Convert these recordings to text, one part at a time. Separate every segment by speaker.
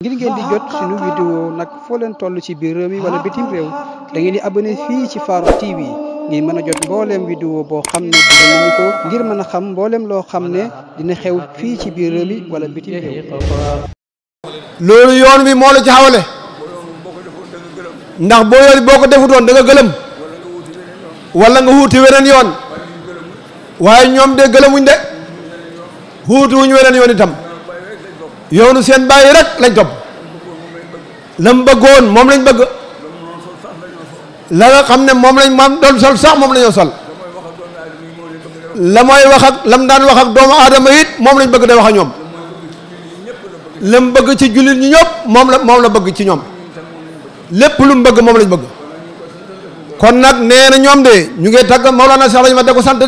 Speaker 1: ngir ngeen di jot suñu vidéo nag foo leen toll ci biir réew mi wala bitim réew da di di abonné fii ci Farokh TV ngir mën a jot mbooleem vidéo boo xam ne ngir mën a xam mbooleem loo xam ne dina xew fii ci biir réew wala bitim réew. loolu yoon wi moo la ci xawale ndax boo yoon boo ko defutoon da nga gëlëm wala nga wuuti weneen yoon waaye ñoom de gëlëmuñ de wuuti wuñ weneen yoon itam. yoonu seen bàyyi rek lañ topp lam bëggoon moom lañ bëgg la nga xam ne moom lañ maam doon sol sax moom la ñoo sol la mooy wax ak lam daan wax ak doomu aadama it moom lañ bëgg day wax ak ñoom lam bëgg ci jullit ñi ñëpp moom la moom la bëgg ci ñoom lépp lu mu bëgg moom lañ bëgg kon nag nee na ñoom de ñu ngi tagg Mawlana Cheikh Ibrahima da ko sant de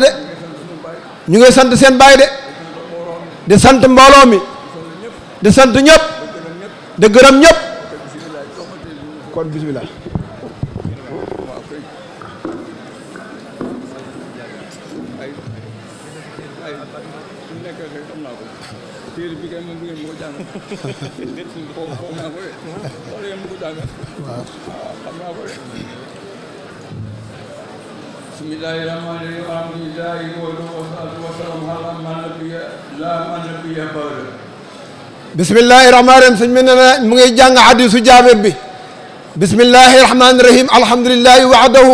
Speaker 1: ñu ngi sant seen baay de di sant mbooloo mi de sant ñep de gërëm ñep kon bismillah Bismillahirrahmanirrahim. Alhamdulillah. Wa salam ala man nabiya. La man nabiya baru. بسم الله الرحمن الرحيم سمينا مغي جان حديث جابر بي بسم الله الرحمن الرحيم الحمد لله وعده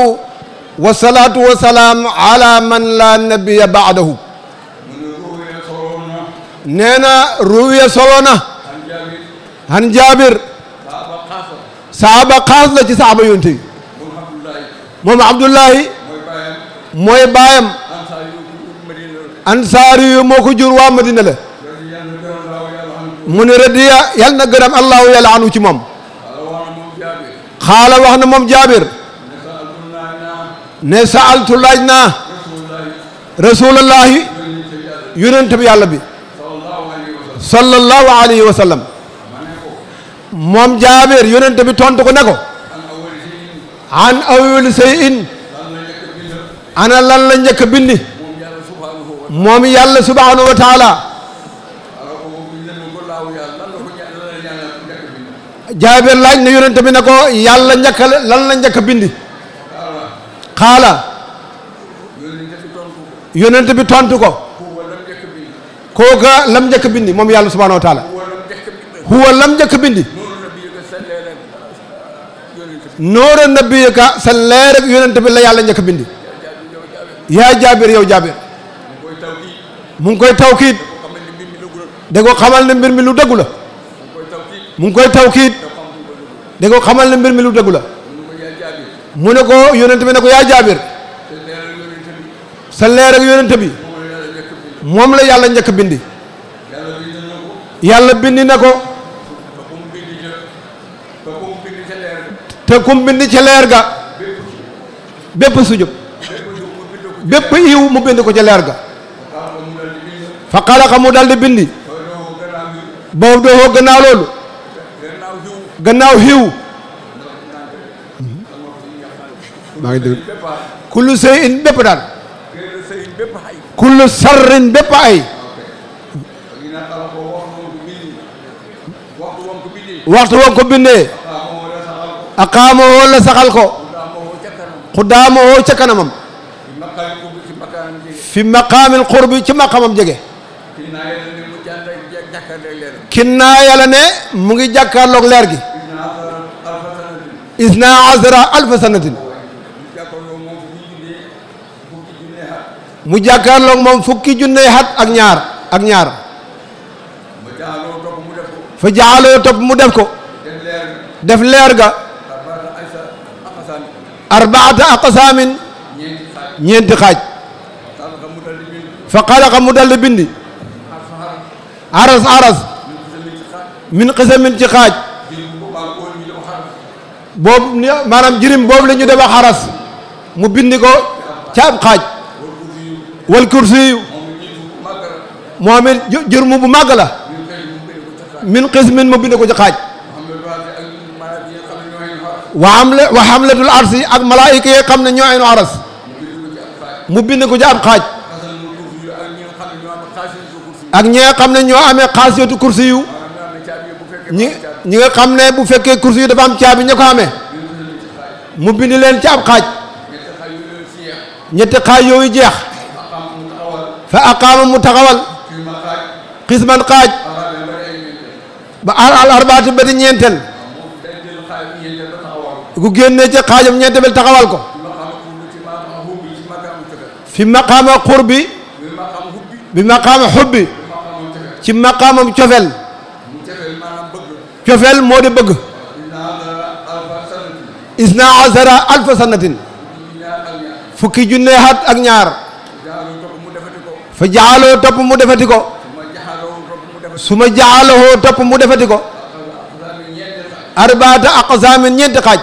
Speaker 1: والصلاه والسلام على من لا نبي بعده نينا رويا سولونا عن جابر صحابه قاص لا صحابه يونتي محمد عبد الله موي بايام موي بايام انصار يو مكو جور وا مدينه mu ne radiya yal na gërëm allahu yàlla anu ci moom xaala wax na moom jaabir ne saaltu laaj naa rasulallahi yonent bi yàlla bi sallallahu alayhi wa sallam moom jaabir yonent bi tontu ko ne ko an awwali shay'in ana lan la njëkk bindi moom yàlla subhanahu wa jaabir laaj na yonent bi ne ko yàlla njëkk lan la njëkk a bindi xaala yonent bi tontu ko kooka lam njëkk bindi moom yàlla subhaanahu wa taala huwa lam njëkk bindi noora nabiyuka sa leer ak bi la yàlla njëkk a bindi yaa jaabir yow jaabir mu koy tawkiit da ko xamal ne mbir mi lu dëggu la mu koy tawkiit da ko xamal ne mbir mi lu dëggu la ko yónente bi ko yaa jaabir sa leer ak yónente moom la yàlla njëkk bindi yàlla bindi na ko te kum bindi ca leer ga bépp sujub bépp yiw mu bind ko ca leer ga fa xalaqa mu daldi bindi boobu doo gannaaw غناو هيو كل شيء بيبدار كل شر بيباي وقت وقت بيني اقامه ولا سخلكو قدامه في مقام القرب في مقام جيجي kinnaaya la ne mu ngi jàkkaarloog leer gi isna azra alfa sanatin mu jàkkaarloog moom fukki junne xat ak ñaar ak ñaar fa jaaloo topp mu def ko def leer ga arbaata aqsaamin ñeenti xaaj fa xalaqa mu daldi bindi aras aras من قسم من تخاج بوب مانام جريم بوب لا نيو دبا خراس مو بنديكو تام والكرسي مؤمن جرم بو من قسم من مو بنديكو تخاج وعمل وحملة العرس اك ملائكه خمنا نيو عين عرس مو بنديكو جام خاج اك ñe xamna ñoo amé khasiyatu ñi ñi nga xam ne bu fekkee kursi yi dafa am caabi ña ko amee mu bind leen ci ab xaaj ñetti xaaj yooyu jeex fa aqaama mu taxawal xisman xaaj ba al al arbaati ba di ñeenteel gu génnee ci xaajam ñeenteel taxawal ko fi maqaama xurbi bi maqaama xubbi ci maqaamam cofel cofeel moo di bëgg isna asara alfa fukki junne at ak ñaar fa jaxaloo topp mu defati ko su ma jaxaloo topp mu defati ko arbaata aqsaamin ñeenti xaaj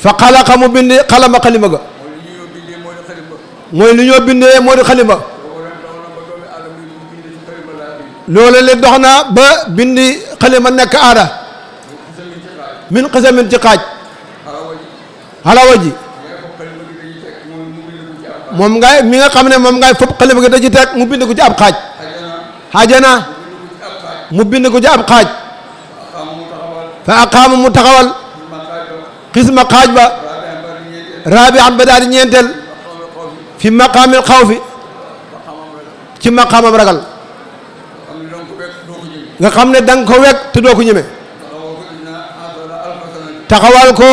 Speaker 1: fa xalaqa mu bindi xalama xalima ga mooy lu ñoo bindee moo di xalima لولا دخنا با بيني خلي ما نك ارا من قزم انتقاج على وجهي موم غاي ميغا خامني موم غاي فوب خلي بغي دجي تك مو بيندكو تي اب خاج حاجنا مو بيندكو تي اب خاج فاقام متخوال قسم خاج با رابع بدار نينتل في مقام الخوف في مقام برغل nga xamne dang ko wek te doo ko ñeme taxawal ko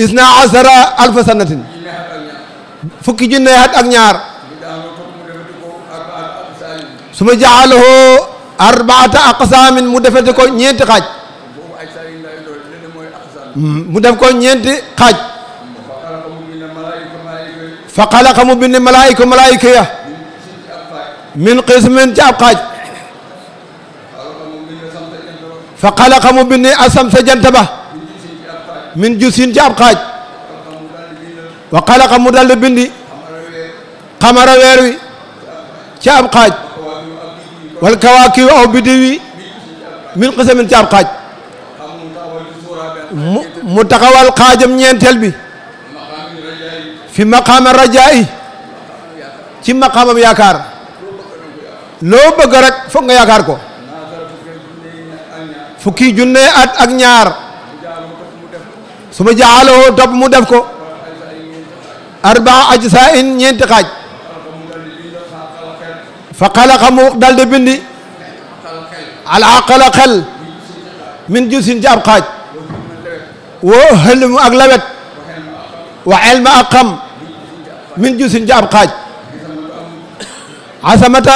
Speaker 1: isna asara alf sanatin fukki jinne hat ak ñaar suma ma arbaata aqsam mu defete ko ñeenti xaj mu def ko ñeenti xaj fa xalaqa mu bind malaayika malaayika ya min qismin ci ab فقلقم بني اسم سجنتبه من جسين جاب قاج وقلقم مدل بني قمر ويروي جاب قاج والكواكب او بدوي من قسم جاب قاج متقوال قاجم نينتل بي في مقام الرجائي في مقام ياكار لو بغرك فوق ياكار كو fukki junne at ak ñaar suma jaalo jaaloo mu def ko arbaa ajsa'in ñent xaj fa xalaqa mu dal de bindi al aqala khal min jusin jab xaj wo woo ak lawet wa elma aqam min jusin jab xaj asamata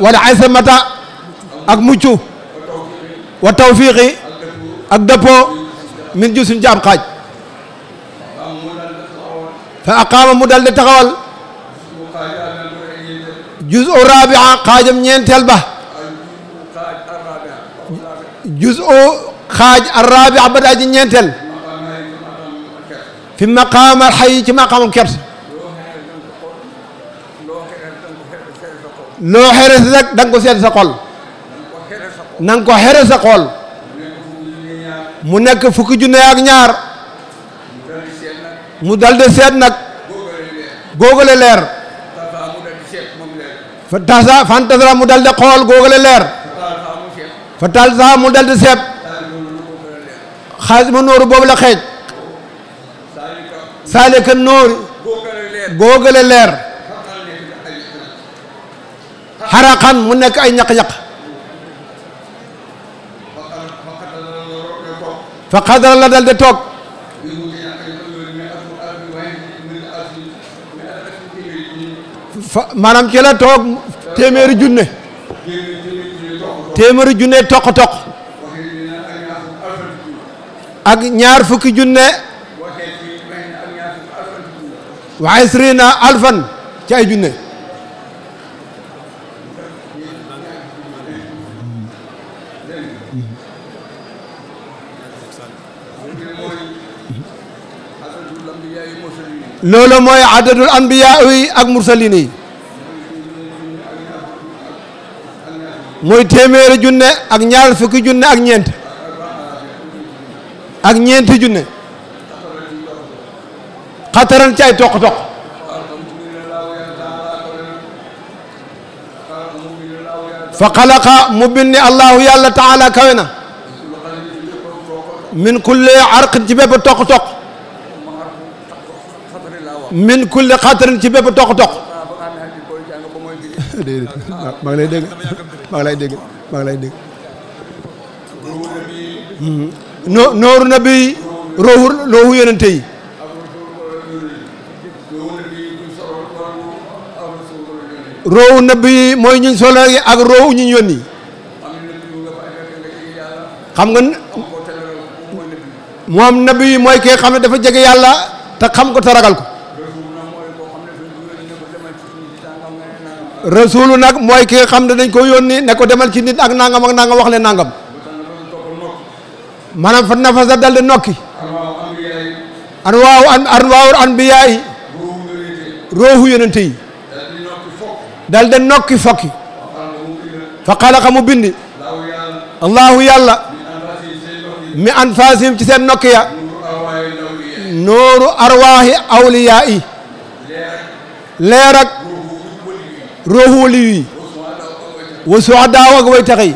Speaker 1: wala asamata ak muccu وتوفيقي أكدبو من جوسن جام قاج فأقام مدل تقول جزء الرابع قاج من تلبه جزء خاج الرابع بدا جنيتل في مقام الحي في مقام الكرس لو حرث ذك دنكو سيد سقول na ko xere sa xol mu nek fukki junne ak ñaar mu dal de set nak góogale leer fa tasa fantasara mu dal de xol góogale leer fa talsa mu dal de set khazim ma nooru boobu la xeej saalika noori góogale leer haraqan mu nek ay ñak ñak fa xadara la dal de toog fa maanaam ci la toog téeméeri junne toq-toq ak ñaar fukki junne wa isrina alfan ci ay لولا موي عدد الانبياء اك مرسلين موي تيمير جوني اك نيار فك جوني اك نينت اك نينت جوني خاطرن تاي توك توك فخلق مبني الله يالا تعالى كوينه من كل عرق جبب توك توك min kulli xatarin ci bépp toq-toq. ngi lay dégg ngi lay dégg maa lay dégg. Hmm. noo nooru na bi roohu roohu yonente yi. roohu na mooy ñuñ solo ak roohu ñuñ yónni. xam nga moom nabi mooy kee xam ne dafa jege yàlla te xam ko te ragal ko. rasulu nag mooy ki nga xam ne dañ ko yónni ne ko demal ci nit ak nangam ak nangam wax leen nangam maanaam fa nafasa dal di nokki an waaw an an waawul an bi nokki fokki fa xalaqa mu bindi allahu yàlla mi an fasim ci seen nokki ya nooru arwaahi awliyaa yi روح ولي وسعداء وقوي تقي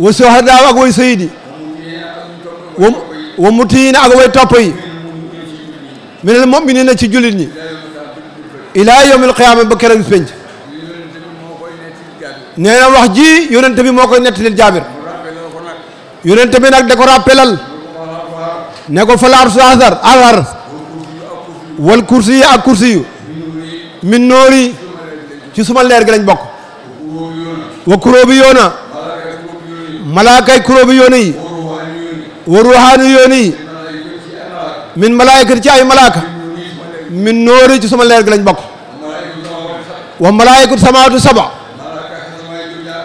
Speaker 1: وسهداء وقوي سيدي ومتين أقوي توبي من المؤمنين تجلني إلى يوم القيامة بكرة بسبنج نينا wax ji yonent bi moo koy nettali jaabir yonent bi nag da ko rappelal ne ko falaar su asar asar wal kursi ak kursi yu min noori ci suma leer gi lañ bokk wa kuróobi yoona malaakay kuróobi yoona yi wa ruuxaani yoona min malaayikati ci ay malaaka min nóori ci suma leer gi lañ bokk wa malaayikatu samaatu saba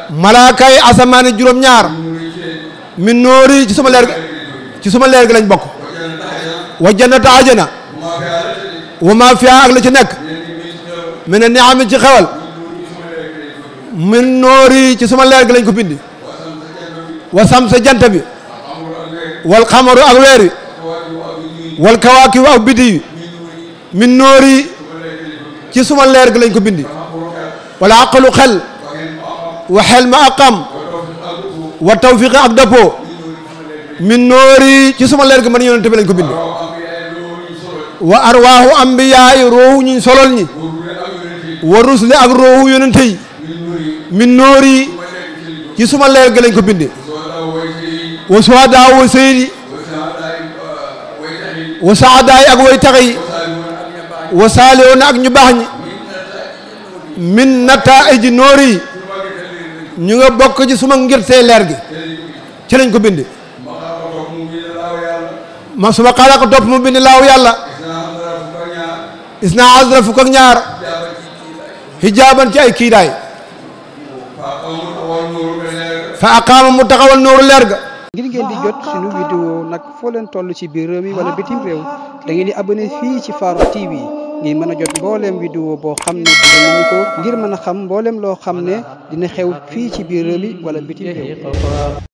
Speaker 1: malaakay asamaani juróom ñaar min nóori ci suma leer ci suma leer lañ bokk wa jannata ajana wa maa fiyaa ak la ci nekk mi ne niami ci xewal min noori ci sama leer gi lañ ko bindi wasam sa jant bi wal xamaru ak weer wi wal kawaakibu ak biddi yi min noori ci suma leer gi lañ ko bindi wala aqalu xel wa xel ma aqam wa tawfiq ak dëppoo min noori ci suma leer gi man yonent bi lañ ko bindi wa arwaahu ambiyaay ruuxu ñuñ solol ñi wa rusli ak ruuxu yonente yi min noori ci suma leer gi lañ ko binde wa suhadaa wa seydi wa saadaay ak way tax yi wa saalihoona ak ñu baax ñi min nataa iji noori ñu nga bokk ci suma ngirtee leer ci lañ ko binde suma xaaral ko topp mu bind laaw yàlla is naa azra fukk ak ñaar hijaaban ci ay kiidaay sa aqaama mu taxawal nooru leer ga ngir ngeen di jot suñu vidéo nag foo leen toll ci biir réew mi wala bitim réew da di di abonné fii ci Farokh TV ngir mën a jot mbooleem vidéo boo xam ne ngir mën a xam mbooleem loo xam ne dina xew fii ci biir réew mi wala bitim réew